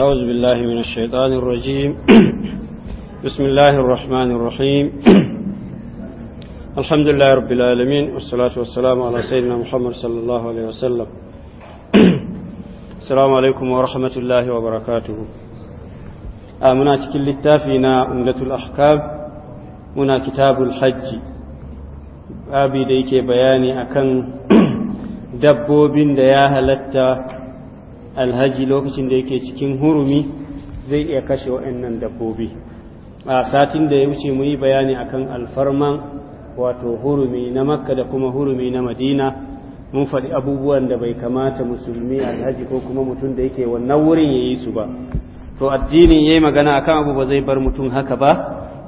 أعوذ بالله من الشيطان الرجيم بسم الله الرحمن الرحيم الحمد لله رب العالمين والصلاة والسلام على سيدنا محمد صلى الله عليه وسلم السلام عليكم ورحمة الله وبركاته آمنا آه، تكل التافينا أملة الأحكام هنا كتاب الحج أبي آه، ديك بياني أكن بن دياها لتا alhaji lokacin da yake cikin hurumi zai iya kashe waɗannan dabbobi a satin da ya wuce muyi bayani akan alfarman wato hurumi na makka da kuma hurumi na madina mun faɗi abubuwan da bai kamata musulmi alhaji ko kuma mutum da yake wannan wurin ya yi su ba to addinin ya yi magana akan abu ba zai bar mutum haka ba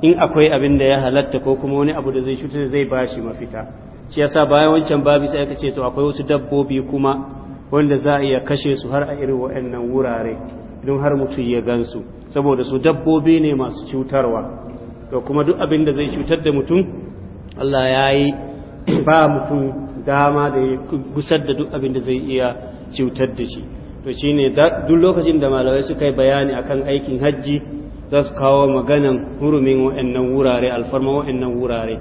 in akwai abin da ya halatta ko kuma wani abu da zai cutar zai ba shi mafita shi yasa bayan wancan babi sai aka ce to akwai wasu dabbobi kuma wanda za a iya kashe su har a irin nan wurare idan har mutum ya gansu saboda su dabbobi ne masu cutarwa to kuma duk abin da zai cutar da mutum Allah ya yi ba mutum dama da ya gusar da duk abin da zai iya cutar da shi to shine duk lokacin da malamai suka yi bayani akan aikin hajji za su kawo maganan hurumin nan wurare alfarma nan wurare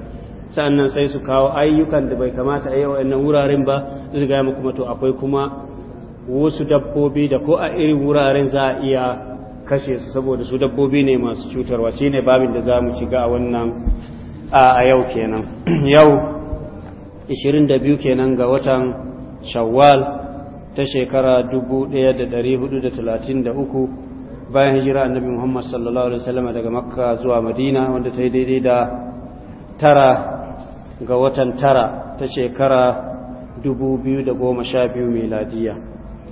sa'annan sai su kawo ayyukan da bai kamata a yi wa'annan wuraren ba su gaya muku to akwai kuma wasu dabbobi da ko a irin wuraren za a iya kashe su saboda su dabbobi ne masu cutarwa shi ne babin da za mu shiga a wannan a yau kenan yau 22 kenan ga watan shawwal ta shekara 1433 bayan hijira annabi muhammad sallallahu alaihi wasallam daga makka zuwa madina wanda ta yi daidai da tara ga watan tara ta shekara 2012 miladiya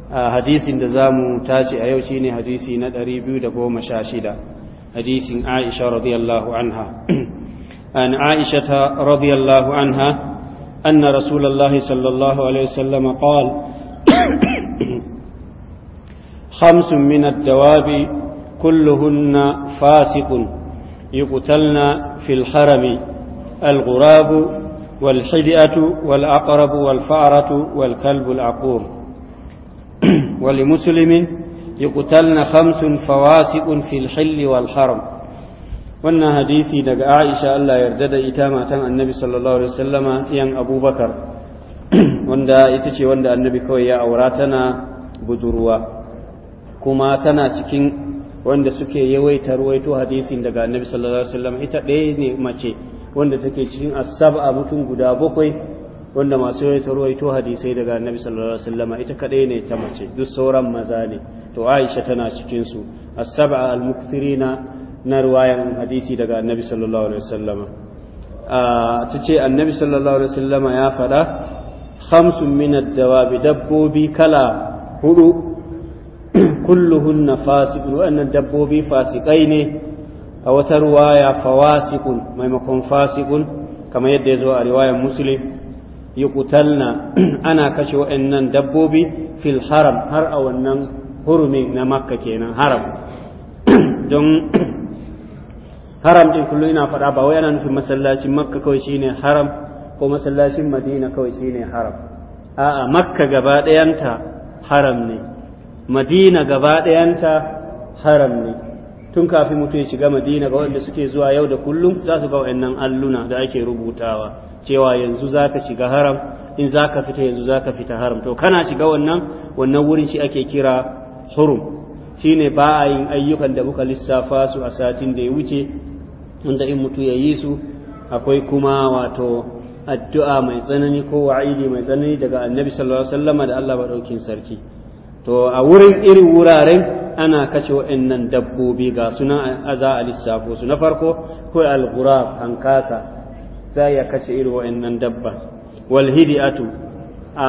a hadisin da zamu tashi a yau shine hadisi na 216 hadisin Aisha radiyallahu anha an Aisha ta radiyallahu anha anna rasulullahi sallallahu alaihi wasallam qala خمس من الدواب كلهن فاسق يقتلن في الحرم الغراب والحدئة والأقرب والفأرة والكلب العقور ولمسلم يقتلن خمس فواسق في الحل والحرم wannan hadisi daga Aisha Allah yarda da ita matan Annabi sallallahu alaihi wasallama Abubakar wanda ita ce wanda Annabi kawai ya aura tana budurwa kuma tana cikin wanda suke yawaitar ruwaito hadisin daga Annabi sallallahu alaihi ita ɗaya ne mace wanda take cikin asaba mutum guda bakwai wanda masu ruwa ito hadisai daga annabi sallallahu alaihi wasallam ita kadai ne ta mace duk sauran maza ne to Aisha tana cikin su asaba al-mukthirina na ruwayan hadisi daga annabi sallallahu alaihi wasallam ta ce annabi sallallahu alaihi wasallam ya faɗa khamsun min ad dawab dabbobi kala hudu kulluhunna fasiqun wa annan dabbobi fasikai ne a wata ruwaya fawasikun maimakon fasikun kamar yadda ya zo a riwayar yi kutalna ana kashe wa'annan dabbobi fil haram har a wannan hurumi na makka kenan haram don haram din kullum ina faɗa ba wai ana nufin masallacin makka kawai shine haram ko masallacin madina kawai shine haram a'a makka gaba ɗayanta haram ne madina gaba ɗayanta haram ne tun kafin mutum ya shiga madina ga waɗanda suke zuwa yau da kullum za su ga wa'annan alluna da ake rubutawa cewa yanzu za ka shiga haram in za ka fita yanzu za ka fita haram to kana shiga wannan wannan wurin shi ake kira hurum shine ba a yin ayyukan da muka lissafa su a satin da ya wuce wanda in mutum ya yi su akwai kuma wato addu'a mai tsanani ko wa'idi mai tsanani daga annabi sallallahu alaihi wasallam da Allah daukin sarki to a wurin irin wuraren ana kashe wa'annan dabbobi ga sunan aza a lissafo su na farko ko al-ghurab hankaka za ya kashe irin wa'annan dabba wal hidiatu a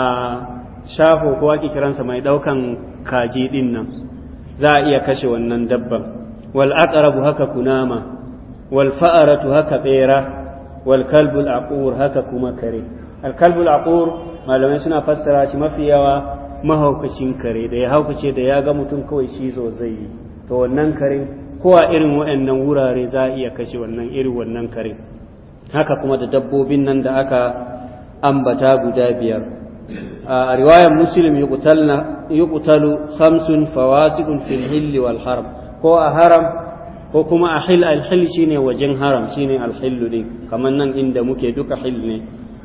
shafo ko ake kiransa mai daukan kaji din nan za a iya kashe wannan dabban wal aqrabu haka kunama wal fa'aratu haka bera wal kalbul aqur haka kuma kare al kalbul aqur malamai suna fassara shi mafi yawa mahaukacin kare da ya haukace da ya ga mutum kawai shi zo zai yi to wannan kare ko a irin waɗannan wurare za a iya kashe wannan irin wannan kare haka kuma da dabbobin nan da aka ambata guda biyar a riwayar muslim yuqtalu khamsun fawasiqun fil hill wal haram ko a haram ko kuma a hil al hil shine wajen haram shine al hil din kamar nan inda muke duka hil ne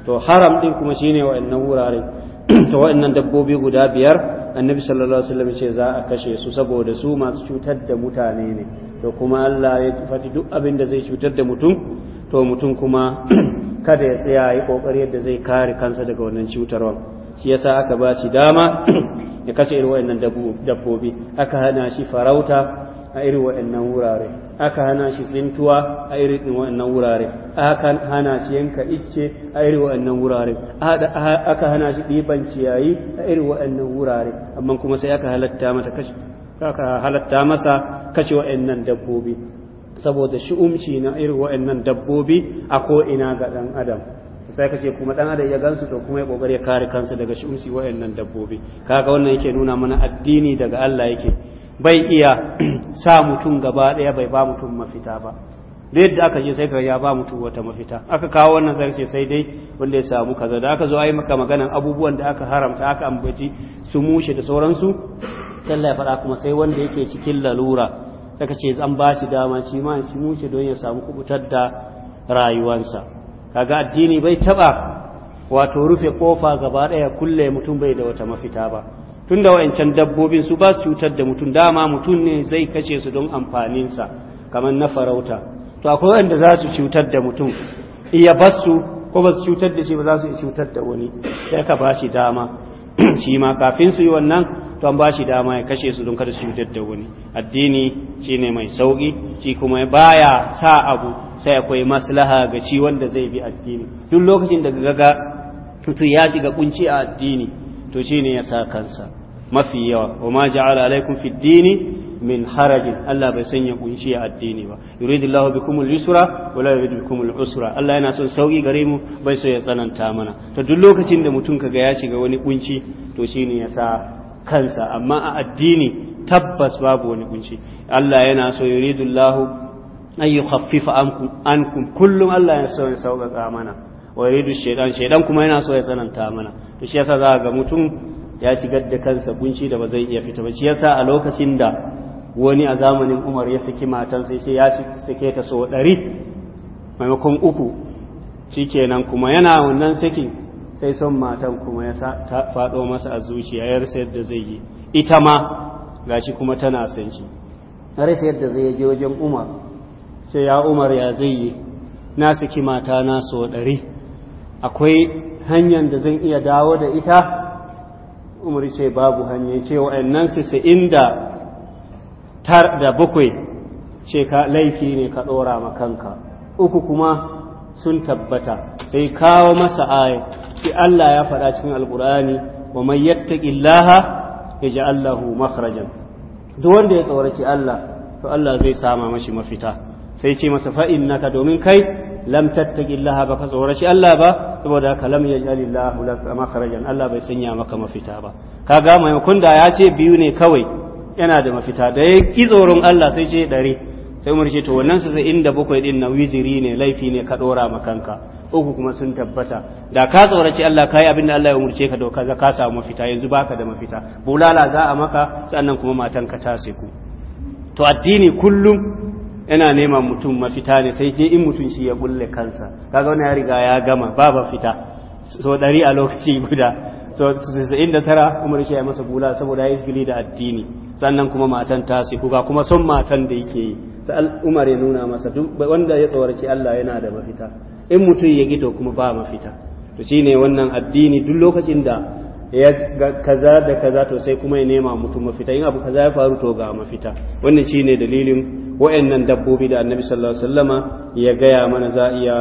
to haram din kuma shine wa'annan wurare ta wa'annan dabbobi guda biyar annabi sallallahu alaihi wasallam ce za a kashe su saboda su masu cutar da mutane ne to kuma Allah ya faɗi duk abin da zai cutar da mutum to mutum kuma kada ya tsaya ya kokari yadda zai kare kansa daga wannan cutarwa shi yasa aka ba shi dama ya kashe irin wa'annan dabbobi aka hana shi farauta a irin wa'annan wurare aka hana shi tsintuwa a irin wannan wurare aka hana shi yanka icce a irin wannan wurare aka hana shi ɗiban ciyayi a irin wannan wurare amma kuma sai aka halatta mata kashi aka halatta masa kashe wa'annan dabbobi saboda shi umshi na irin wa'annan dabbobi a ko ina ga ɗan adam sai kace kuma dan adam ya gansu to kuma ya kokari ya kare kansa daga shi umshi wa'annan dabbobi kaga wannan yake nuna mana addini daga Allah yake bai iya sa mutum gaba ɗaya bai ba mutum mafita ba da yadda aka je sai ka ya ba mutum wata mafita aka kawo wannan zarce sai dai wanda ya samu kaza da aka zo a yi maka maganan abubuwan da aka haramta aka ambaci su mushe da sauransu sallah ya faɗa kuma sai wanda yake cikin lalura saka ce an ba shi dama shi ma shi mushe don ya samu kubutar da rayuwarsa kaga addini bai taba wato rufe kofa gaba ɗaya kulle mutum bai da wata mafita ba tun da wa'ancan dabbobin su ba su cutar da mutum dama mutum ne zai kashe su don amfaninsa kamar na farauta to akwai wanda za su cutar da mutum iya basu ko ba su cutar da shi ba za su cutar da wani sai ka ba dama shi ma kafin su yi wannan to an ba dama ya kashe su don kada su cutar da wani addini shi ne mai sauki shi kuma baya sa abu sai akwai maslaha ga shi wanda zai bi addini duk lokacin da gaga tutu ya shiga kunci a addini to shine ya sa kansa mafi yawa wa ma ja'ala alaikum fi dini min harajin Allah bai sanya kunshi a addini ba yuridu Allahu bikum al-yusra wa la yuridu bikum al-usra Allah yana son sauki gare mu bai so ya tsananta mana to duk lokacin da mutum kaga ya shiga wani kunci to shine ya sa kansa amma a addini tabbas babu wani kunci Allah yana so yuridu Allahu an yukhaffifa ankum kullum Allah yana so ya sauƙaƙa mana wa yuridu shaytan shaytan kuma yana so ya tsananta mana to shi yasa za ga mutum ya shigar da kansa kunshi da ba zai iya fita ba shi yasa a lokacin da wani a zamanin Umar ya saki matan sai ce ya sake ta so ɗari maimakon uku shikenan kuma yana wannan sakin sai son matan kuma ya faɗo masa a zuciya ya rasa yadda zai yi ita ma gashi kuma tana son shi ya rasa yadda zai je wajen Umar sai ya Umar ya zai yi na saki mata na so ɗari akwai hanyar da zan iya dawo da ita umar ce babu hanyar ce wa'annan su inda tar da bakwai ce ka laifi ne ka ɗora ma kanka uku kuma sun tabbata sai kawo masa aya shi Allah ya faɗa cikin alkur'ani wa man yattaqillaha yaj'al lahu makhrajan duk wanda ya tsoraci Allah to Allah zai sama mashi mafita sai ce masa fa innaka domin kai lam tattaqillaha ka tsorashi Allah ba saboda haka lam yaj'alillahu laka makharajan Allah bai sanya maka mafita ba kaga kun da ya ce biyu ne kawai yana da mafita da ya ki tsoron Allah sai ce dare sai umar to wannan su sai inda bakwai din na wiziri ne laifi ne ka dora ma kanka uku kuma sun tabbata da ka tsoraci Allah kai abin da Allah ya umurce ka doka ka samu mafita yanzu baka da mafita bulala za a maka sannan kuma matanka ta siku to addini kullum yana neman mutum mafita ne sai je in mutum shi ya bulle kansa kaga wani ya riga ya gama ba ba fita so dari a lokaci guda so inda tara umar shi ya masa gula saboda ya isgili da addini sannan kuma matan ta su kuka kuma son matan da yake yi sai umar ya nuna masa duk wanda ya tsawarci Allah yana da mafita in mutum ya gido kuma ba mafita to shine wannan addini duk lokacin da ya kaza da kaza to sai kuma ya nema mutum mafita in abu kaza ya faru to ga mafita wannan shine dalilin wa'annan dabbobi da annabi sallallahu alaihi wasallama ya gaya mana za iya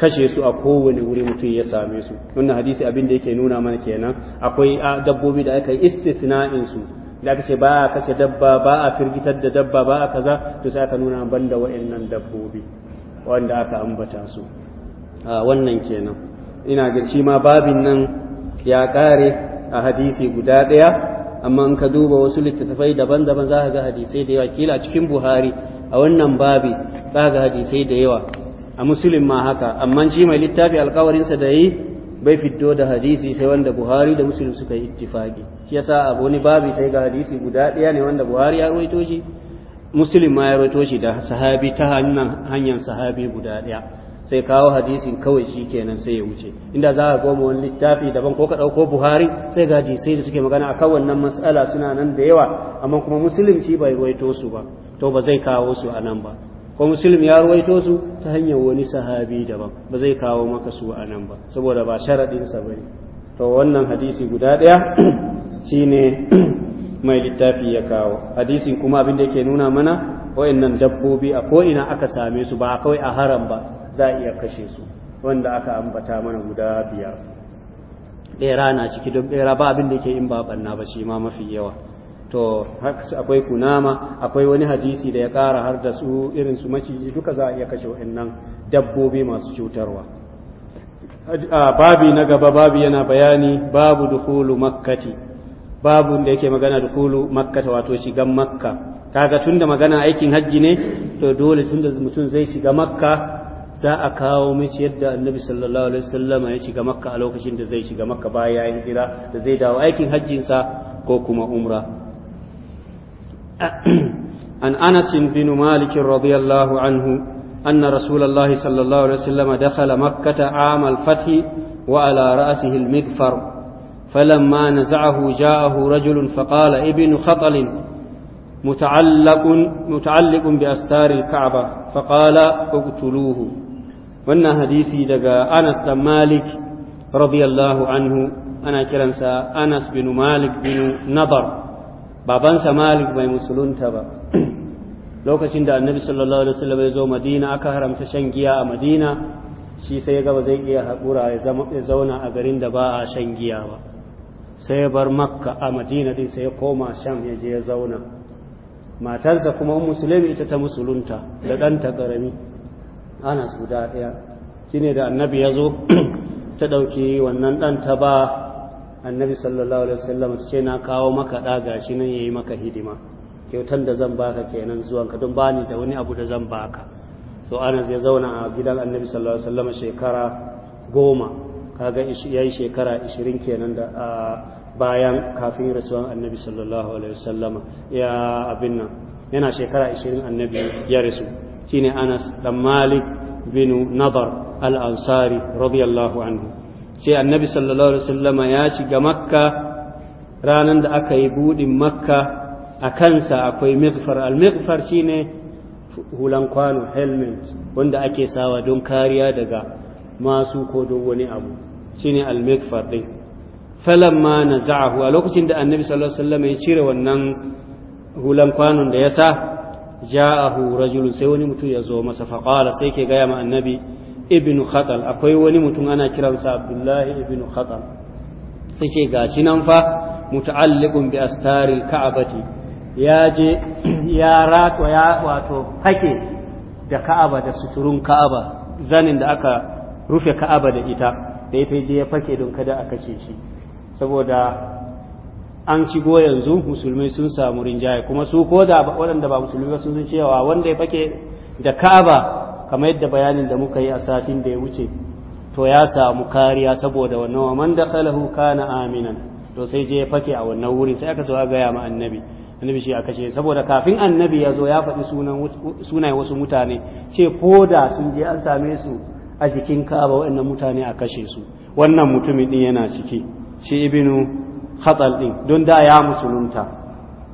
kashe su a kowane wuri mutum ya same su wannan hadisi abin da yake nuna mana kenan akwai dabbobi da aka yi istisna'in su da aka ce ba a kace dabba ba a firgitar da dabba ba a kaza to sai aka nuna ban da wa'annan dabbobi wanda aka ambata su wannan kenan ina ga shi ma babin nan ya kare a hadisi guda ɗaya amma in ka duba wasu littattafai daban-daban za ka ga hadisai da yawa kila cikin buhari a wannan babi ba ga hadisai da yawa a musulun ma haka amma shi mai littafi sa da yi bai fito da hadisi sai wanda buhari da musulun suka yi ittifaki shi yasa a wani babi sai ga hadisi guda ɗaya ne wanda buhari ya rawaito shi musulun ma ya rawaito shi da sahabi ta hanyar sahabi guda ɗaya sai kawo hadisin kawai shi kenan sai ya wuce inda za a goma wani littafi daban ko ka ɗauko buhari sai ga hadisai da suke magana a kan wannan matsala suna nan da yawa amma kuma musulun shi bai rawaito su ba to ba zai kawo su a nan ba ko muslim ya ruwaito su ta hanyar wani sahabi daban ba zai kawo maka su a nan ba saboda ba sharaɗinsa ba ne to wannan hadisi guda ɗaya shine mai littafi ya kawo hadisin kuma abin da yake nuna mana wayannan dabbobi a ko'ina aka same su ba kawai a haram ba za a iya kashe su wanda aka ambata mana guda biyar ɗera na ciki don ɗera ba abin da ke in ba ɓanna ba shi ma mafi yawa to akwai kunama akwai wani hadisi da ya kara har da su irin su maciji duka za a iya kashe wa'annan dabbobi masu cutarwa babi na gaba babi yana bayani babu dukulu makkati babu da yake magana dukulu makkata wato shigan makka kaga da magana aikin hajji ne to dole da mutum zai shiga makka za a kawo mishi yadda annabi sallallahu alaihi wasallama ya shiga makka a lokacin da zai shiga makka baya ya hijira da zai dawo aikin hajjinsa ko kuma umra عن أنس بن مالك رضي الله عنه أن رسول الله صلى الله عليه وسلم دخل مكة عام الفتح وعلى رأسه المغفر فلما نزعه جاءه رجل فقال ابن خطل متعلق متعلق بأستار الكعبة فقال اقتلوه وأن حديثي دقى أنس بن مالك رضي الله عنه أنا كلمسا أنس بن مالك بن نضر babansa malik bai musulunta ba lokacin da annabi sallallahu alaihi wasallam ya zo madina aka haramta shan giya a madina shi sai ya gaba zai iya haƙura ya zauna a garin da ba a shan giya ba sai ya bar makka a madina din sai ya koma sham ya je ya zauna matarsa kuma musulmi ita ta musulunta da ɗanta ƙarami ana su da ɗaya shine da annabi ya zo ta ɗauki wannan ɗan ta ba annabi sallallahu alaihi wasallam ce na kawo maka da gashi nan yayi maka hidima kyautan da zan baka kenan zuwan ka don bani da wani abu da zan baka so Anas ya zauna a gidan annabi sallallahu alaihi wasallam shekara goma kaga yayi shekara 20 kenan da bayan kafin rasuwan annabi sallallahu alaihi wasallama ya abin nan yana shekara 20 annabi ya rasu shine Anas dan Malik bin Nadar al-Ansari radiyallahu anhu ce annabi sallallahu alaihi wasallama ya shiga makka ranar da aka yi budin makka a kansa akwai mikfar al-mikfar shine hulan kwano helmet wanda ake sawa don kariya daga masu ko don wani abu shine al-mikfar din falamma naza'ahu a lokacin da annabi sallallahu alaihi wasallama ya cire wannan hulan kwanon da ya sa ja'ahu rajulun sai wani mutum ya zo masa faqala sai ke gaya ma annabi ibn khatal akwai wani mutum ana kiransa abdullahi ibn khatal ga shi nan fa muta'alliqun bi astari ka'abati ya je ya rato ya wato hake da ka'aba da suturun ka'aba zanin da aka rufe ka'aba da ita da ya je ya fake don kada aka ce shi saboda an shigo yanzu musulmai sun samu rinjaye kuma su ko da waɗanda ba musulmi ba sun cewa wanda ya fake da ka'aba kamar yadda bayanin da muka yi a satin da ya wuce to ya samu kariya saboda wannan wa man kalahu kana aminan to sai je ya fake a wannan wurin sai aka so ga ya ma annabi annabi shi aka ce saboda kafin annabi ya zo ya faɗi sunan sunayen wasu mutane ce ko da sun je an same su a jikin kaba waɗannan mutane a kashe su wannan mutumin din yana ciki shi ibnu khatal din don da ya musulunta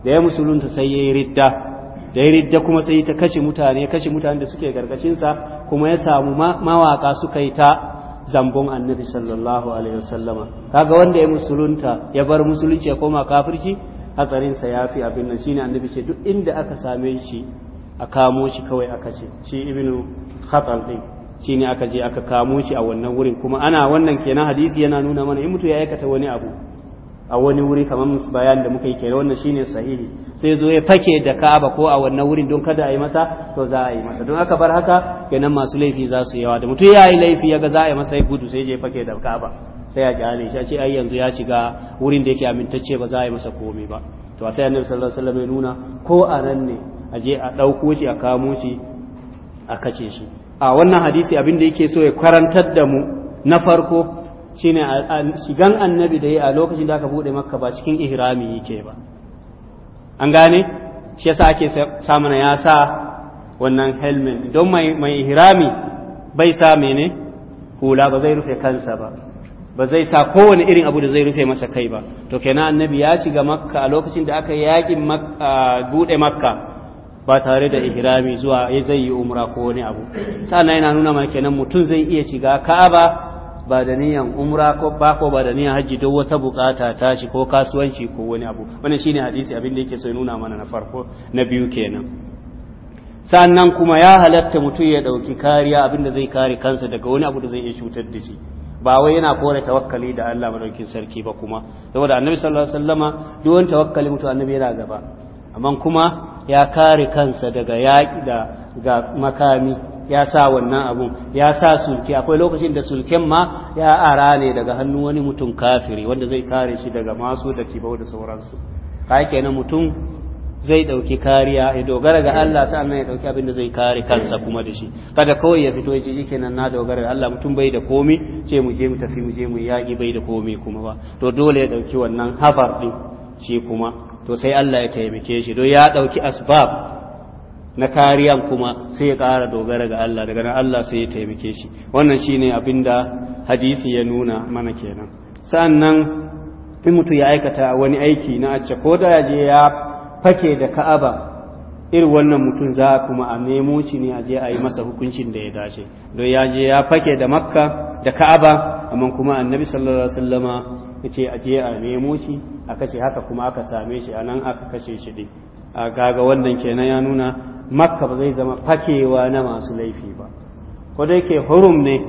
da ya musulunta sai ya yi ridda da ya ridda kuma sai ta kashe mutane kashe mutane da suke gargashinsa kuma ya samu mawaka suka yi ta zambon annabi sallallahu alaihi wasallama kaga wanda ya musulunta ya bar musulunci ya koma kafirci hatsarinsa ya fi abin nan shine annabi ce duk inda aka same shi a kamo shi kawai aka ce shi ibnu khatal din shine aka je aka kamo shi a wannan wurin kuma ana wannan kenan hadisi yana nuna mana in mutu ya aikata wani abu a wani wuri kamar bayan da muka yi kenan wannan shine sahihi sai zo ya fake da Ka'aba ko a wannan wurin don kada a yi masa to za a yi masa don aka bar haka kenan masu laifi za su yawa da mutum ya yi laifi ya ga za a yi masa ya gudu sai je fake da Ka'aba sai ya kyale shi a ce ai yanzu ya shiga wurin da yake amintacce ba za a yi masa komai ba to sai annabi sallallahu alaihi wasallam ya nuna ko a nan ne a je a ɗauko shi a kamo shi a kace shi a wannan hadisi abin da yake so ya karantar da mu na farko shine shigan annabi da yi a lokacin da aka bude makka ba cikin ihrami yake ba an gane shi yasa ake samuna yasa sa wannan helmet don mai ihrami bai sa mene hula ba zai rufe kansa ba ba zai sa kowane irin abu da zai rufe masa kai ba to kenan annabi ya shiga makka a lokacin da aka yakin bude makka ba tare da ihrami zuwa ya zai yi umra ko wani abu sannan yana nuna mana kenan mutum zai iya shiga ka'aba ba da niyan umra ko ba ko ba da niyan haji duk wata bukata ta shi ko kasuwanci ko wani abu wannan shine hadisi abin da yake so ya nuna mana na farko na biyu kenan sannan kuma ya halatta mutum ya dauki kariya abin da zai kare kansa daga wani abu da zai iya cutar da shi ba wai yana kore tawakkali da Allah madaukin sarki ba kuma saboda annabi sallallahu alaihi wasallama duk wani tawakkali mutum annabi yana gaba amma kuma ya kare kansa daga yaƙi da ga makami ya sa wannan abun ya sa sulke akwai lokacin da sulken ma ya ara ne daga hannun wani mutum kafiri wanda zai kare shi daga masu da cibau da sauransu ka na mutum zai ɗauki kariya ya dogara ga Allah sa nan ya dauki abin da zai kare kansa kuma da shi kada kawai ya fito ji kenan na dogara ga Allah mutum bai da komai ce mu je mu tafi mu je mu yaƙi bai da komai kuma ba to dole ya ɗauki wannan habar ɗin shi kuma to sai Allah ya taimake shi don ya ɗauki asbab na kariyan kuma sai ya ƙara dogara ga Allah daga nan Allah sai ya taimake shi wannan shi ne abin da hadisi ya nuna mana kenan sa'annan in mutum ya aikata wani aiki na acce ko da ya je ya fake da Ka'aba irin wannan mutum za kuma a nemo shi ne a je a yi masa hukuncin da ya dace don ya je ya fake da Makka da Ka'aba amma kuma Annabi sallallahu alaihi wasallama ce a je a nemo a kashe haka kuma aka same shi a nan aka kashe shi a gaga wannan kenan ya nuna makka ba zai zama fakewa na masu laifi ba ko da yake hurum ne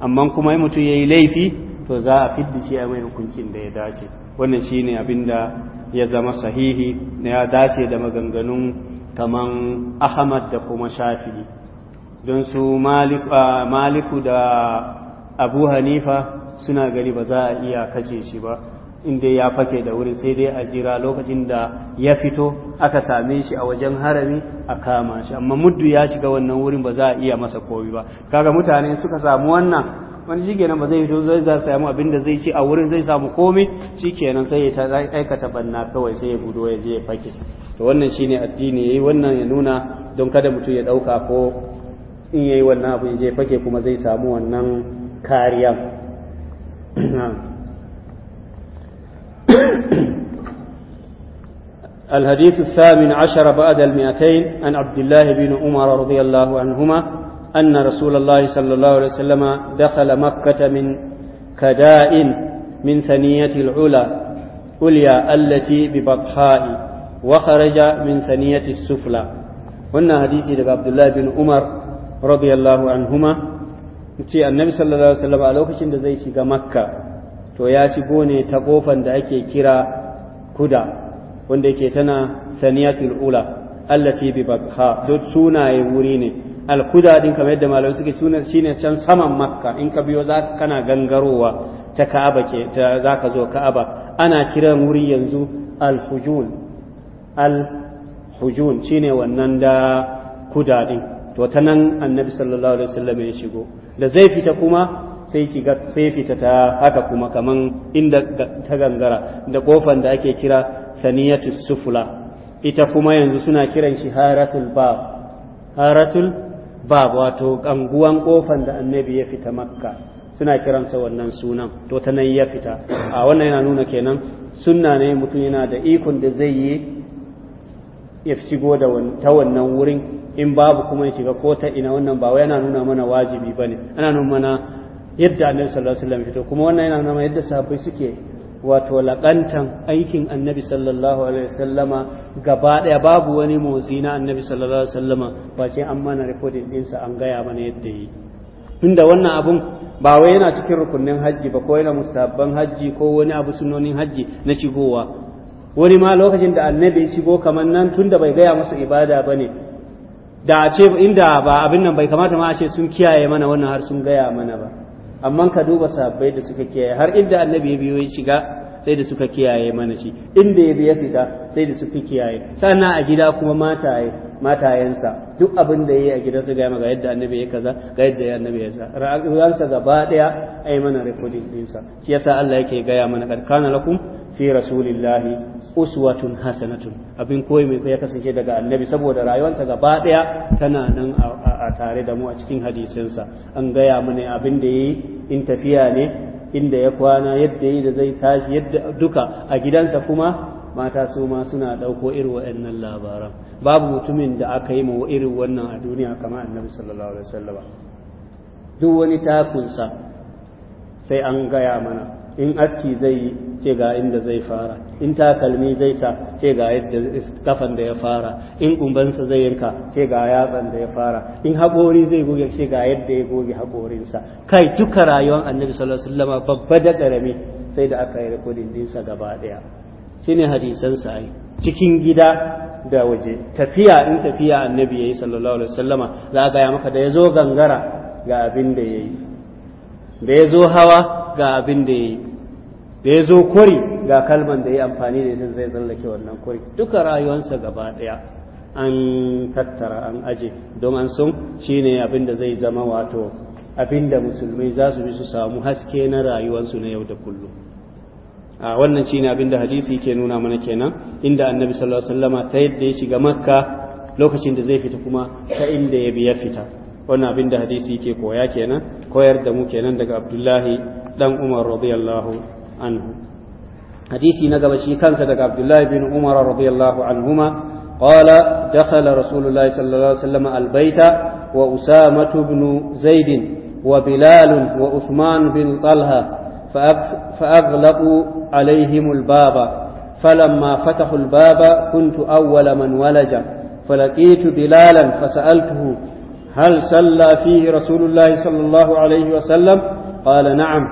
amma kuma mutum ya yi laifi to za a fidda shi a mai hukuncin da ya dace wannan shine ne abin da ya zama sahihi na ya dace da maganganun kaman ahmad da kuma shafi'i don su maliku da abu hanifa suna gani ba za a iya kace shi ba in dai ya fake da wurin sai dai a jira lokacin da ya fito aka same shi a wajen harami a kama shi amma muddu ya shiga wannan wurin ba za a iya masa kowi ba kaga mutane suka samu wannan wani shi kenan ba zai fito zai za samu abin da zai ci a wurin zai samu komi shi kenan sai ya aikata banna kawai sai ya gudo ya je ya fake to wannan shine addini yayi wannan ya nuna don kada mutum ya dauka ko in yayi wannan abu ya je fake kuma zai samu wannan kariya الحديث الثامن عشر بعد المئتين عن عبد الله بن عمر رضي الله عنهما أن رسول الله صلى الله عليه وسلم دخل مكة من كداء من ثنية العلا عليا التي ببطحاء وخرج من ثنية السفلى وأن حديث عبد الله بن عمر رضي الله عنهما ce annabi sallallahu alaihi wasallam a lokacin da zai shiga makka to ya shigo ne ta kofan da ake kira kuda wanda ke tana saniyatul ula allati bi bakha to sunaye wuri ne al kuda din kamar yadda malamai suke sunan shine can saman makka in ka biyo za kana gangarowa ta ka'aba ke ta zaka zo ka'aba ana kiran wuri yanzu al hujun al hujun shine wannan da kuda din to ta nan annabi sallallahu alaihi wasallam ya shigo da zai fita kuma sai shiga sai fita ta haka kuma kaman inda ta gangara da kofan da ake kira saniyatu sufula ita kuma yanzu suna kiran shi haratul bab haratul bab wato kanguwan kofan da annabi ya fita makka suna kiransa wannan sunan to ta nan ya fita a wannan yana nuna kenan sunna ne mutum yana da ikon da zai yi ya shigo da ta wannan wurin in babu kuma ya shiga ko ta ina wannan ba yana nuna mana wajibi bane ana nuna mana yadda annabi sallallahu alaihi wasallam fito kuma wannan yana nuna yadda sahabbai suke wato laƙantan aikin annabi sallallahu alaihi wasallama gaba ɗaya babu wani motsi na annabi sallallahu alaihi wasallama ba ce an mana rikodin ɗinsa an gaya mana yadda yi tunda wannan abun ba wai yana cikin rukunin hajji ba ko yana mustahabban hajji ko wani abu sunonin hajji na shigowa wani ma lokacin da annabi ya shigo kamar nan tunda bai gaya masa ibada ba ne da a ce inda ba abin nan bai kamata ma a ce sun kiyaye mana wannan har sun gaya mana ba amma ka duba sahabbai da suka kiyaye har inda annabi ya biyo ya shiga sai da suka kiyaye mana shi inda ya biya fita sai da suka kiyaye sannan a gida kuma mataye matayensa duk abin da yayi a gida su ga maga yadda annabi ya kaza ga yadda annabi ya sa ra'ayansa gaba daya ai mana recording sa shi yasa Allah yake gaya mana kana lakum fi rasulillahi uswatun hasanatun abin koyi mai ya kasance daga annabi saboda rayuwarsa gaba daya tana nan a tare da mu a cikin hadisinsa an gaya mana abin da yayi in tafiya ne inda ya kwana yadda yi da zai tashi yadda duka a gidansa kuma mata su ma suna ɗauko irin waɗannan labaran babu mutumin da aka yi ma irin wannan a duniya kamar annabi sallallahu alaihi wasallam duk wani takunsa sai an gaya mana in aski zai yi ce ga inda zai fara in takalmi zai sa ce ga yadda kafan da ya fara in kumbansa zai yanka ce ga yatsan da ya fara in haƙori zai goge ce ga yadda ya goge haƙorinsa kai duka rayuwar annabi sallallahu alaihi wasallam babba da ƙarami sai da aka yi rikodin dinsa gaba ɗaya shine hadisan a yi cikin gida da waje tafiya in tafiya annabi yayi sallallahu alaihi wasallama za a gaya maka da yazo gangara ga abin da yayi da yazo hawa ga abin da yi. da ya zo kwari ga kalman da ya amfani da yanzu zai tsallake wannan kwari duka rayuwarsa gaba ɗaya an tattara an aje don an sun ne abin da zai zama wato abin da musulmai za su bi su samu haske na rayuwarsu na yau da kullum a wannan shine abin da hadisi ke nuna mana kenan inda annabi sallallahu alaihi wasallama ta yadda ya shiga makka lokacin da zai fita kuma ta inda ya bi fita wannan abin da hadisi yake koya kenan koyar da mu kenan daga abdullahi dan umar radiyallahu عنه حديثي نقب كان صدق عبد الله بن عمر رضي الله عنهما قال دخل رسول الله صلى الله عليه وسلم البيت وأسامة بن زيد وبلال وعثمان بن طلحة فأغلقوا عليهم الباب فلما فتحوا الباب كنت أول من ولج فلقيت بلالا فسألته هل صلى فيه رسول الله صلى الله عليه وسلم قال نعم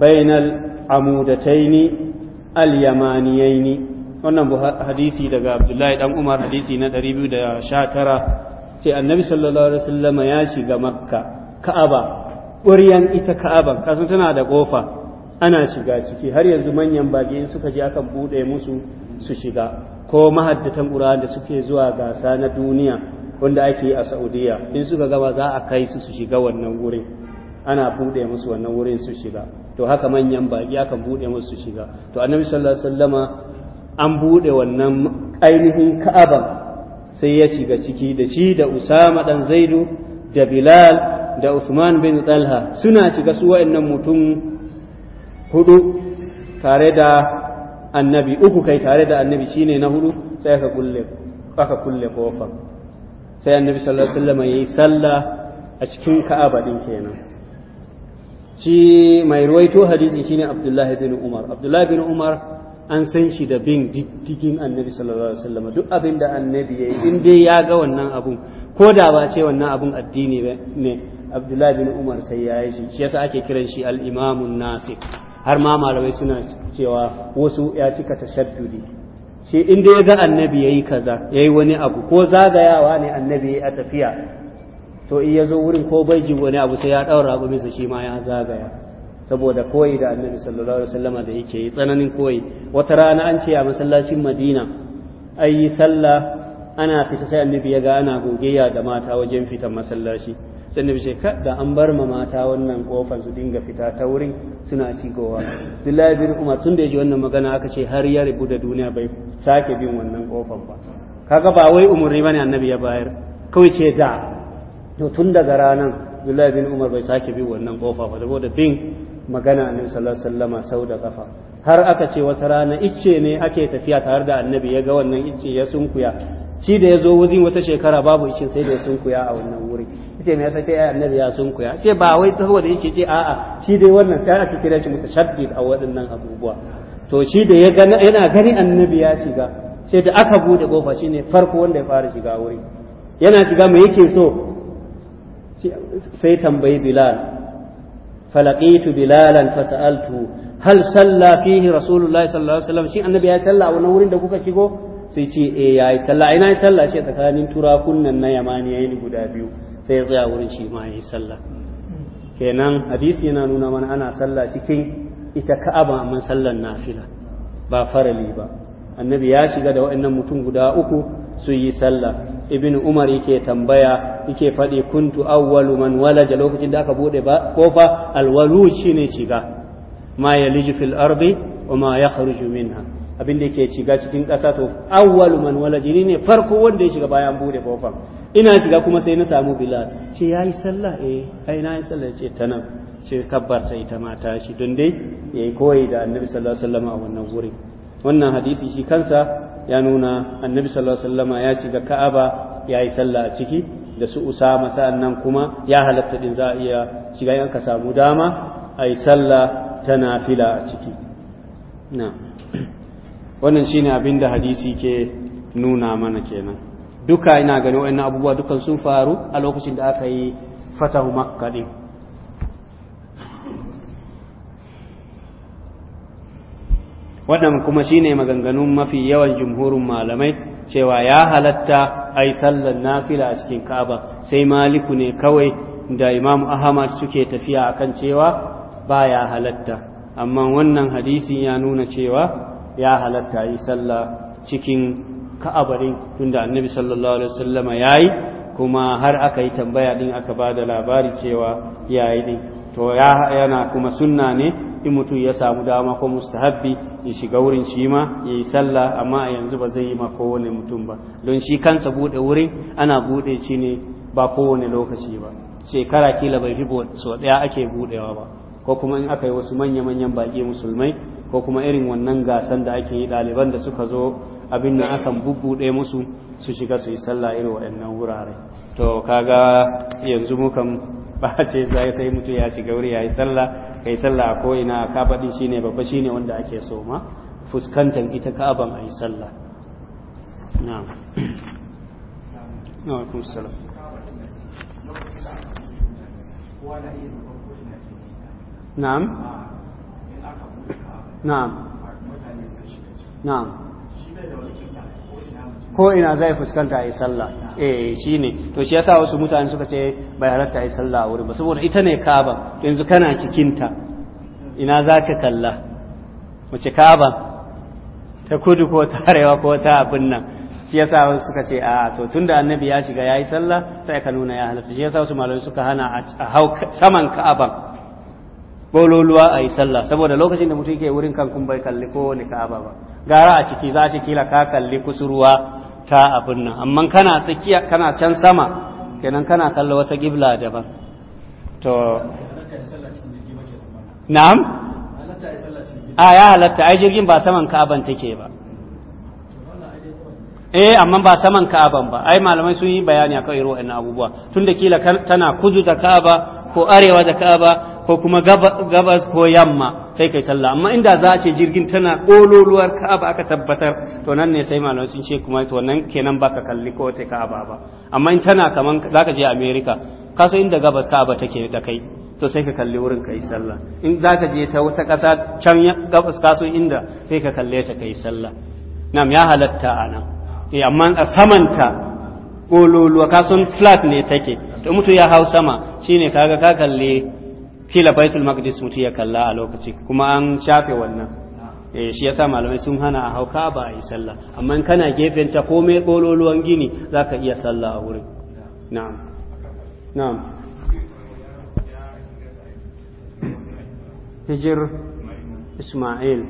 بين amudataini al-yamaniyaini wannan hadisi daga Abdullahi dan Umar hadisi na 219 ce annabi sallallahu alaihi wasallam ya shiga makka ka'aba ƙuryan ita ka'aba kasan tana da ƙofa ana shiga ciki har yanzu manyan bage suka je akan buɗe musu su shiga ko mahaddatan ƙura'an da suke zuwa gasa na duniya wanda ake yi a saudiya in suka gama za a kai su su shiga wannan wurin ana buɗe musu wannan wurin su shiga to haka manyan baƙi aka buɗe musu su shiga to annabi sallallahu alaihi wasallama an buɗe wannan ainihin ka'aba sai ya shiga ciki da shi da usama dan zaidu da bilal da usman bin talha suna shiga su wa'annan mutum hudu tare da annabi uku kai tare da annabi shine na hudu sai aka kulle aka kulle kofar sai annabi sallallahu alaihi wasallama yayi sallah a cikin ka'aba din kenan shi mai ruwaito hadisi shine abdullahi bin umar abdullahi bin umar an san shi da bin diddigin annabi sallallahu alaihi wasallam duk abin da annabi yayi in dai ya ga wannan abun ko da ba ce wannan abun addini ne abdullahi bin umar sai ya yi shi shi yasa ake kiran shi al-imamun har ma malamai suna cewa wasu ya cika tashaddudi shi inda ya ga annabi ya kaza yayi wani abu ko zagayawa ne annabi ya a tafiya to in ya zo wurin ko bai ji wani abu sai ya ɗaura raƙuminsa shi ma ya zagaya saboda koyi da annabi sallallahu alaihi wasallama da yake yi tsananin koyi wata rana an ce a masallacin madina ayi sallah ana fita sai annabi ya ga ana gogeya da mata wajen fitan masallaci sai annabi ce da an bar ma mata wannan kofar su dinga fita ta wurin suna cigowa Abdullahi bin Umar tun da ji wannan magana aka ce har ya rubu da duniya bai sake bin wannan kofar ba kaga ba wai umurni bane annabi ya bayar kawai ce da to tun daga ranan Abdullahi bin Umar bai sake bi wannan kofa ba saboda bin magana annabi sallallahu alaihi wasallama sau da kafa har aka ce wata rana icce ne ake tafiya tare da annabi ya ga wannan icce ya sunkuya shi da ya zo wurin wata shekara babu icce sai da ya sunkuya a wannan wuri icce me yasa ce ai annabi ya sunkuya ce ba wai saboda icce ce a'a shi dai wannan sai aka kira shi mutashaddid a waɗannan abubuwa to shi da ya yana gani annabi ya shiga sai da aka bude kofa shine farko wanda ya fara shiga wuri yana shiga me yake so sai tambayi bilal falaqitu bilalan fasaltu hal salla fihi rasulullahi sallallahu alaihi wasallam shi annabi ya salla a wannan wurin da kuka shigo sai ce eh yayi salla ina yi salla shi tsakanin turakun nan na yamaniyayi guda biyu sai ya tsaya wurin shi ma yi salla kenan hadisi yana nuna mana ana salla cikin ita ka'aba amma sallan nafila ba farali ba annabi ya shiga da waɗannan mutum guda uku su yi sallah ibnu umar yake tambaya yake faɗi kuntu awwalu man walaja lokacin da aka buɗe ba kofa alwalu shine shiga ma yaliju fil ardi wa ma yakhruju minha abin da yake shiga cikin ƙasa to awwalu man walaja ne farko wanda ya shiga bayan buɗe kofar ina shiga kuma sai na samu bilal ce yayi sallah eh ai na yi sallah ce ta nan ce kabbarta ita ma ta shi don dai yayi koyi da annabi sallallahu alaihi wasallam a wannan wuri wannan hadisi shi kansa ya nuna annabi sallallahu alaihi ya shiga ka'aba ya yi sallah a ciki da su usama sa'annan kuma ya halatta din za a iya shiga yanka samu dama a yi sallah ta nafila a ciki na wannan shine abin da hadisi ke nuna mana kenan duka ina gani wa'annan abubuwa dukan sun faru a lokacin da aka yi fatahu makka din wannan kuma shine maganganun mafi yawan jumhurin malamai cewa ya halatta ai sallar nafila a cikin Ka'aba sai Maliku ne kawai da Imam Ahmad suke tafiya akan cewa ba ya halatta amma wannan hadisin ya nuna cewa ya halatta ai sallah cikin ka'aba Ka'abarin tunda Annabi sallallahu alaihi wasallama yayi kuma har aka yi tambaya din aka ba da labari cewa yayi din to ya yana kuma sunna ne in mutum ya samu dama ko mustahabbi ya shiga wurin shi ma ya yi sallah amma a yanzu ba zai yi ma kowane mutum ba don shi kansa bude wurin ana bude shi ne ba kowane lokaci ba shekara kila bai fi so ɗaya ake budewa ba ko kuma in aka yi wasu manya-manyan baƙi musulmai ko kuma irin wannan gasan da ake yi ɗaliban da suka zo abin nan akan bubbuɗe musu su shiga su yi sallah irin waɗannan wurare to kaga yanzu mukan ba ce sai mutu ya shiga wuri ya yi sallah kai sallah ko ina ka faɗi shine babba shine wanda ake so ma fuskantar ita ka'aban ai sallah na'am na alaikum salam na'am na'am na'am ko ina zai fuskanta a yi sallah eh shi ne to shi yasa wasu mutane suka ce bai halatta a yi sallah a wurin ba saboda ita ne kaba yanzu kana cikinta ina za ka kalla wace kaba ta kudu ko ta arewa ko ta abin nan shi yasa wasu suka ce a to tunda annabi ya shiga ya yi sallah sai ka nuna ya halatta shi yasa wasu malamai suka hana a hau saman ka'aban bololuwa a yi sallah saboda lokacin da mutum yake wurin kan bai kalli ko kaba ka'aba ba gara a ciki za shi kila ka kalli kusurwa ta abin nan amma kana tsakiya kana can sama kenan kana kallo wata gibla daban to na'am a ya halatta ai jirgin ba saman ka'aban take ba eh amma ba saman ka'aban ba ai malamai sun yi bayani akan irin waɗannan abubuwa tunda kila tana kudu da ka'aba ko arewa da ka'aba ko kuma gabas ko yamma sai kai sallah amma inda za a ce jirgin tana kololuwar ka'aba aka tabbatar to nan ne sai malamai sun ce kuma to nan kenan baka kalli ko wata ka'aba ba amma in tana kaman zaka je America ka san inda gabas ka'aba take da kai to sai ka kalli wurin kai sallah in zaka je ta wata kasa can gabas ka san inda sai ka kalle ta kai sallah nam ya halatta anan eh amma a samanta kololuwa ka san flat ne take to mutu ya hau sama shine kaga ka kalle kila baitul maqdis mutu ya kalla a lokaci kuma an shafe wannan eh shi yasa malamai sun hana a hauka ba a yi sallah amma kana gefen ta komai bololuwan gini zaka iya sallah a wurin na'am na'am hijir isma'il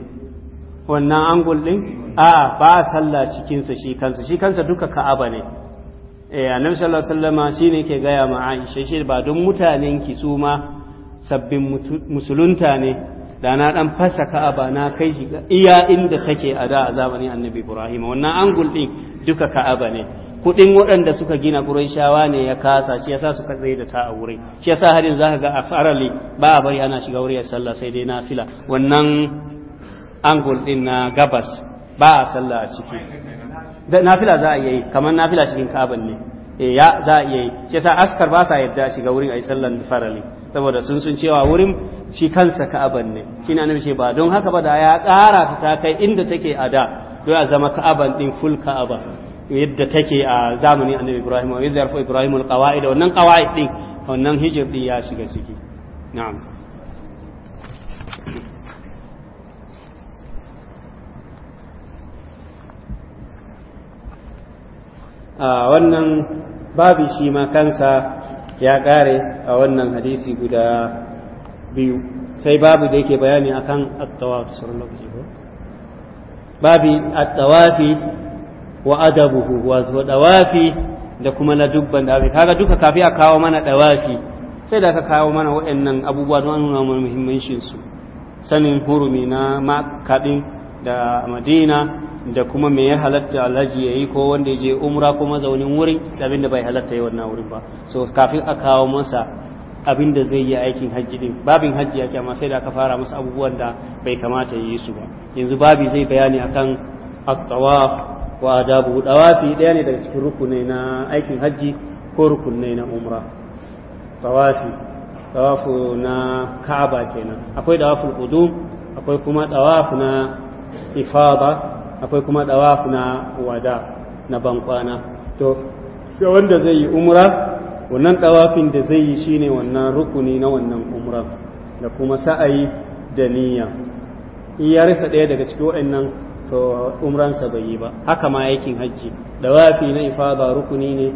wannan angul din a ba sallah cikin sa shi kansa shi kansa duka ka'aba ne eh annabi sallallahu alaihi wasallama shine ke gaya ma Aisha shi ba don mutanen ki su ma sabbin musulunta ne da na dan fasa ka'aba na kai shi iya inda take a da a zamanin annabi ibrahim wannan angul din duka ka'aba ne kudin waɗanda suka gina qurayshawa ne ya kasa shi yasa suka tsaye da ta a wuri shi yasa har yanzu zaka ga a farali ba a bari ana shiga wuri sallah sai dai nafila wannan angul din na gabas ba a sallah a ciki nafila za a yi kamar nafila cikin ka'aban ne eh, ya za a yi shi yasa askar ba sa yadda shiga wurin ayi sallan farali saboda sun sun cewa wurin shi kansa ka'aban ne shi na ce ba don haka ba da ya ƙara ta kai inda take a da don ya zama ka'aban din full ka'aba yadda take a zamanin annabi ibrahim yadda ya rufe ibrahim da wannan qawaid din wannan hijir din ya shiga ciki na'am wannan babu shi ma kansa ya ƙare a wannan hadisi guda biyu sai babu da yake bayani akan attawafi tawafi lokaci babi da kuma na dubban da kaga duka kafi a kawo mana dawafi sai da aka kawo mana waɗannan abubuwa don nuna muhimmancin su sanin hurumi na makaɗin da madina da kuma me ya halatta alhaji ya yi ko wanda ya je umra ko mazaunin wuri abin da bai halatta ya wannan wurin ba so kafin a kawo masa abin da zai yi aikin hajji din babin hajji yake amma sai da aka fara masa abubuwan da bai kamata ya yi su ba yanzu babi zai bayani akan at-tawaf wa adabu tawafi daya ne daga cikin rukunai na aikin hajji ko rukunai na umra tawafi tawafu na ka'aba kenan akwai tawaful qudum akwai kuma tawafu na ifada akwai kuma dawaf na wada na bankwana to ga wanda zai yi umra wannan dawafin da zai yi shine wannan rukuni na wannan umra da kuma sa'ayi da niyya in ya rasa ɗaya daga cikin wa'annan to umransa bai yi ba haka ma yakin hajji dawafi na ifada rukuni ne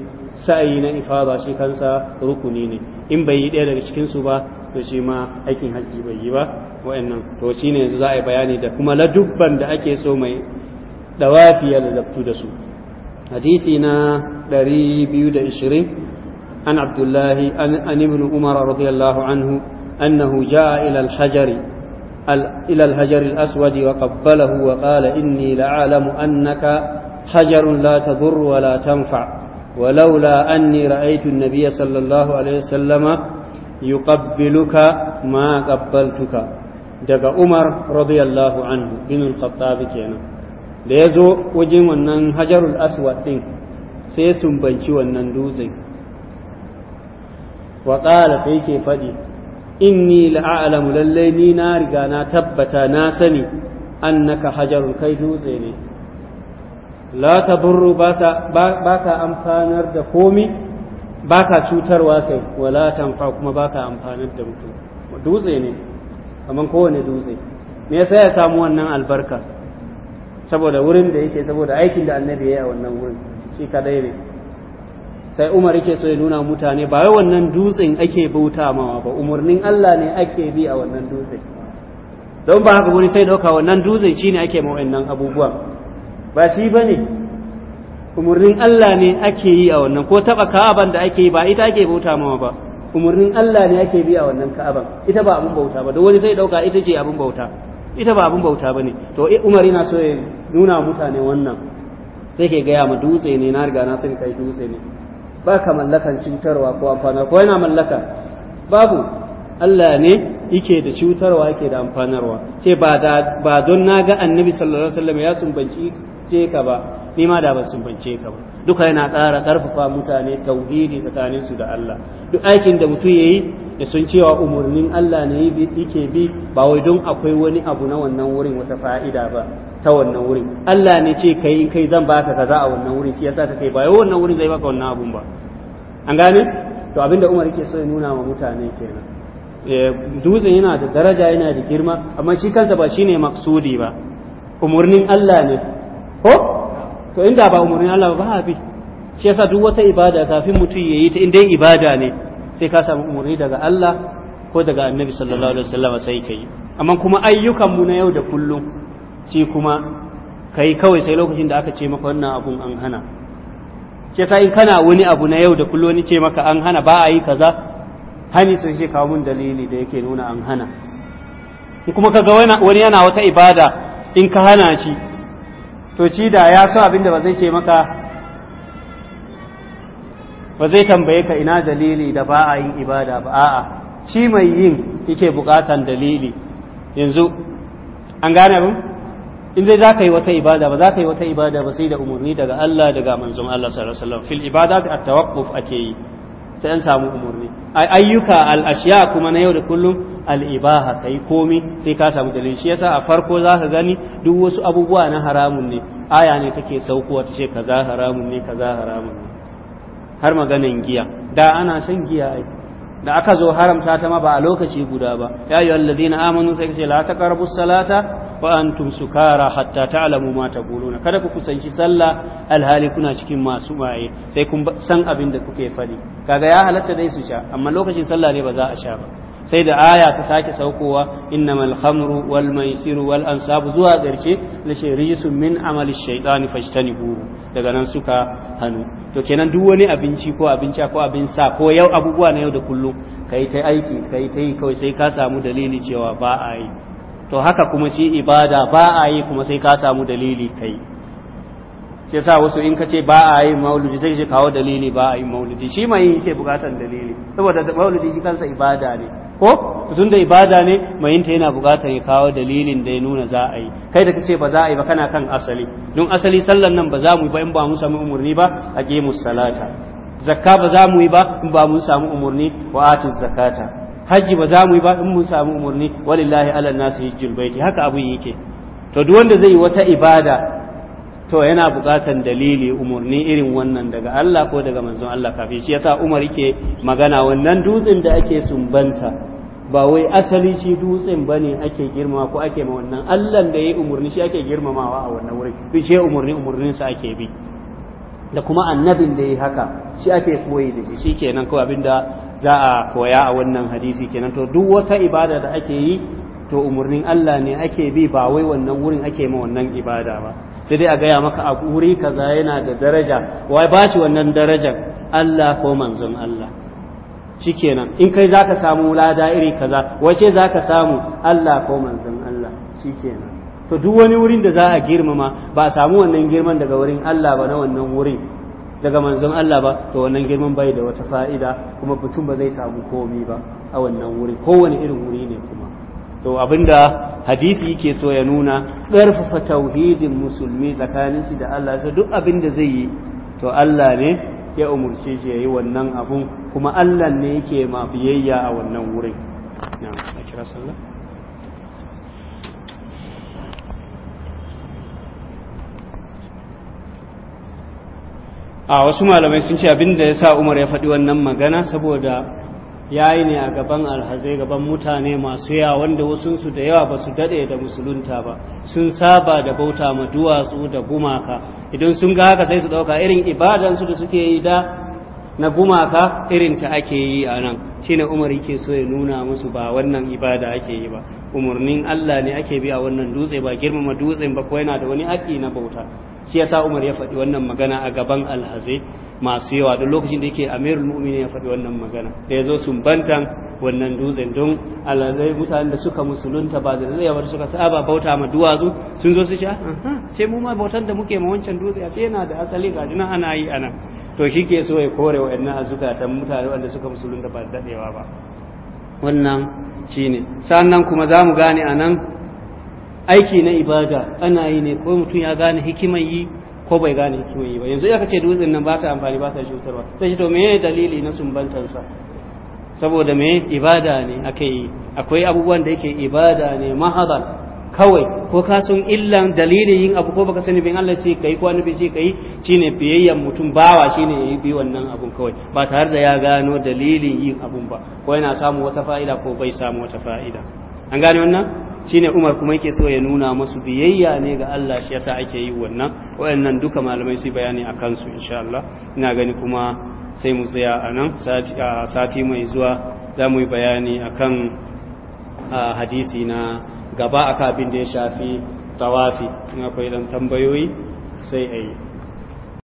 sa'ayi na ifada shi kansa rukuni ne in bai yi ɗaya daga cikin su ba to shi ma aikin hajji bai yi ba wa'annan to shine yanzu za a yi bayani da kuma ladubban da ake so mai dawafi ya ladabtu da su hadisi na 220 an abdullahi an ibn umar radiyallahu anhu annahu jaa ila al-hajari إلى الحجر الأسود wa qala inni la'alamu أنك حجر لا تضر ولا تنفع ولولا أني رأيت النبي صلى الله عليه وسلم yuqabbiluka ma qabbaltuka daga umar radiyallahu anhu bin al kenan da ya wajen wannan hajarul aswad din sai sumbanci wannan dutse. wa qala sai ke faɗi inni la'alamu lallai ni na riga na tabbata na sani annaka hajarul kai dutse ne la taburru baata ta komi baka cutarwa kai wala tanfa kuma baka amfanar da mutum dutse ne kamar kowane dutse me yasa ya samu wannan albarka saboda wurin da yake saboda aikin da annabi ya yi a wannan wurin shi kadai ne sai umar yake so ya nuna mutane ba wai wannan dutsen ake bauta mawa ba umarnin Allah ne ake bi a wannan dutse don ba haka wani sai dauka wannan dutse shine ake ma wannan abubuwan ba shi bane umurnin Allah ne ake yi a wannan ko taba ka'aban da ake yi ba ita ake bauta mawa ba umurnin Allah ne ake bi a wannan ka'aban ita ba abun bauta ba da wani zai dauka ita ce abun bauta ita ba abun bauta bane to eh, Umar yana so ya nuna mutane wannan sai ke gaya ma dutse ne na riga na sani kai dutse ne ba ka mallakan cutarwa ko amfanarwa ko yana mallaka babu Allah ne yake da cutarwa yake da amfanarwa ce ba don na ga annabi sallallahu alaihi wasallam ya sumbanci ce ka ba ni ma da ban sumbance ka ba duka yana ƙara ƙarfafa mutane tauhidi tsakanin su da Allah duk aikin da mutum yi da sun cewa umurnin Allah ne yake bi ba wai don akwai wani abu na wannan wurin wata fa'ida ba ta wannan wurin Allah ne ce kai in kai zan baka kaza a wannan wurin shi yasa ka kai ba wannan wurin zai baka wannan abun ba an gane to abinda Umar yake so ya nuna wa mutane kenan eh, dutsen yana da daraja yana da girma amma shi kansa ba shine maksudi ba umurnin Allah ne ko to inda ba umarni Allah ba ba shi yasa duk wata ibada kafin mutum ya yi ta inda dai ibada ne sai ka samu umarni daga Allah ko daga annabi sallallahu alaihi wasallam sai ka yi amma kuma ayyukan mu na yau da kullum shi kuma kai kawai sai lokacin da aka ce maka wannan abun an hana shi yasa in kana wani abu na yau da kullum ni ce maka an hana ba a yi kaza hani sun ce kawo mun dalili da yake nuna an hana kuma kaga wani yana wata ibada in ka hana shi to ci da ya so abin da ba zai ce maka ba zai tambaye ka ina dalili da ba a yin ibada ba a'a ci mai yin yake bukatan dalili yanzu an gane abin in zai za ka yi wata ibada ba za ka yi wata ibada ba sai da umarni daga Allah daga manzon Allah sallallahu alaihi wasallam fil ibadat at-tawaqquf ake yi sai an samu umarni ayyuka al'ashiya kuma na yau da kullum al'ibaha ka yi komi sai ka samu dalil shi yasa a farko za ka gani duk wasu abubuwa na haramun ne aya ne take saukowa ta ce kaza haramun ne kaza haramun ne har maganin giya da ana shan giya ai da aka zo haramta ta ma ba a lokaci guda ba ya yi na amanu sai ce la taqrabu salata wa antum sukara hatta ta'lamu ma taquluna kada ku kusanci sallah alhali kuna cikin masu maye sai kun san abin da kuke fadi kaga ya halatta dai su sha amma lokacin sallah ne ba za a sha ba sai da aya ta sake saukowa innamal khamru wal maisiru wal ansabu zuwa ƙarshe lashe rijisun min amali shaitani fashtanibu daga nan suka hannu to kenan duk wani abinci ko abinci ko abin sa ko yau abubuwa na yau da kullum kai ta aiki kai ta yi kawai sai ka samu dalili cewa ba a yi to haka kuma shi ibada ba a yi kuma sai ka samu dalili kai shi sa wasu in ka ce ba a yin maulidi sai shi kawo dalili ba a yin maulidi shi mai ke bukatan dalili saboda maulidi shi kansa ibada ne ko tun da ibada ne mai ta yana bukatan ya kawo dalilin da ya nuna za a yi kai da kace ba za a yi ba kana kan asali don asali sallan nan ba za mu yi ba in ba mu samu umurni ba a ke salata zakka ba za mu yi ba in ba mu samu umurni wa atu zakata haji ba za mu yi ba in mun samu umurni walillahi ala nasi hijjul baiti haka abun yake to duk wanda zai yi wata ibada to yana buƙatan dalili umarni irin wannan daga Allah ko daga manzon Allah kafin shi yasa Umar yake magana wannan dutsen da ake sumbanta ba wai asali shi dutsen bane ake girma ko ake ma wannan Allah da yayi umarni shi ake girmamawa a wannan wurin to shi umarni umarnin sa ake bi da kuma annabin da yayi haka shi ake koyi da shi shikenan kawai abinda za a koya a wannan hadisi kenan to duk wata ibada da ake yi to umarnin Allah ne ake bi ba wai wannan wurin ake ma wannan ibada ba sai dai a gaya maka a wuri kaza yana da daraja wai ba shi wannan darajar Allah ko manzon Allah shikenan in kai zaka samu lada iri kaza wace zaka samu Allah ko manzon Allah shikenan to duk wani wurin da za a girmama ba a samu wannan girman daga wurin Allah ba na wannan wurin daga manzon Allah ba to wannan girman bai da wata fa'ida kuma mutum ba zai samu komi ba a wannan wuri kowane irin wuri ne kuma to abinda hadisi yake so ya nuna ƙarfafa tauhidin musulmi tsakanin shi da Allah sai duk abin da zai yi to Allah ne ya umurce shi ya yi wannan abun kuma Allah ne yake ma biyayya a wannan wurin a wasu malamai sun ce abin da ya sa umar ya faɗi wannan magana saboda ya yi ne a gaban alhazai gaban mutane masu yawa wanda wasunsu da yawa ba su daɗe da musulunta ba sun saba da bauta ma duwatsu da gumaka idan sun ga haka sai su ɗauka irin ibadansu da suke yi da na gumaka irin ta ake yi a nan shine umar yake so ya nuna musu ba wannan ibada ake yi ba umarnin allah ne ake bi a wannan dutse ba girmama dutse ba ko yana da wani haƙƙi na bauta shi yasa Umar ya faɗi wannan magana a gaban Alhaze masu yawa duk lokacin da yake Amirul Mu'minin ya faɗi wannan magana da yazo sumbantan wannan dutsen don alhazai mutanen da suka musulunta ba da tsayawar suka saba bauta ma duwatsu sun zo su sha ce mu ma bautan da muke ma wancan dutse a ce yana da asali ga dina ana yi ana to shi ke so ya kore wa'annan ta mutane wanda suka musulunta ba da dadewa ba wannan shine sannan kuma za mu gane anan aiki na ibada ana yi ne ko mutum ya gane hikiman yi ko bai gane hikiman yi ba yanzu ya kace dutsen nan ba ta amfani ba ta cutarwa sai shi to me dalili na sumbantansa saboda me ibada ne aka yi akwai abubuwan da yake ibada ne mahadan kawai ko ka san illan dalilin yin abu ko baka sani bin Allah ce kai ko annabi ce kai shine biyayyan mutum bawa shine yayi bi wannan abun kawai ba tare da ya gano dalilin yin abun ba ko yana samu wata fa'ida ko bai samu wata fa'ida an gane wannan shine Umar kuma yake so ya nuna masu biyayya ne ga Allah shi yasa ake yi wannan wayannan duka malamai su bayani a kansu insha Allah ina gani kuma sai mu tsaya a nan sati mai zuwa za mu yi bayani akan hadisi na gaba aka abin da ya shafi tawafi in akwai dan tambayoyi sai a yi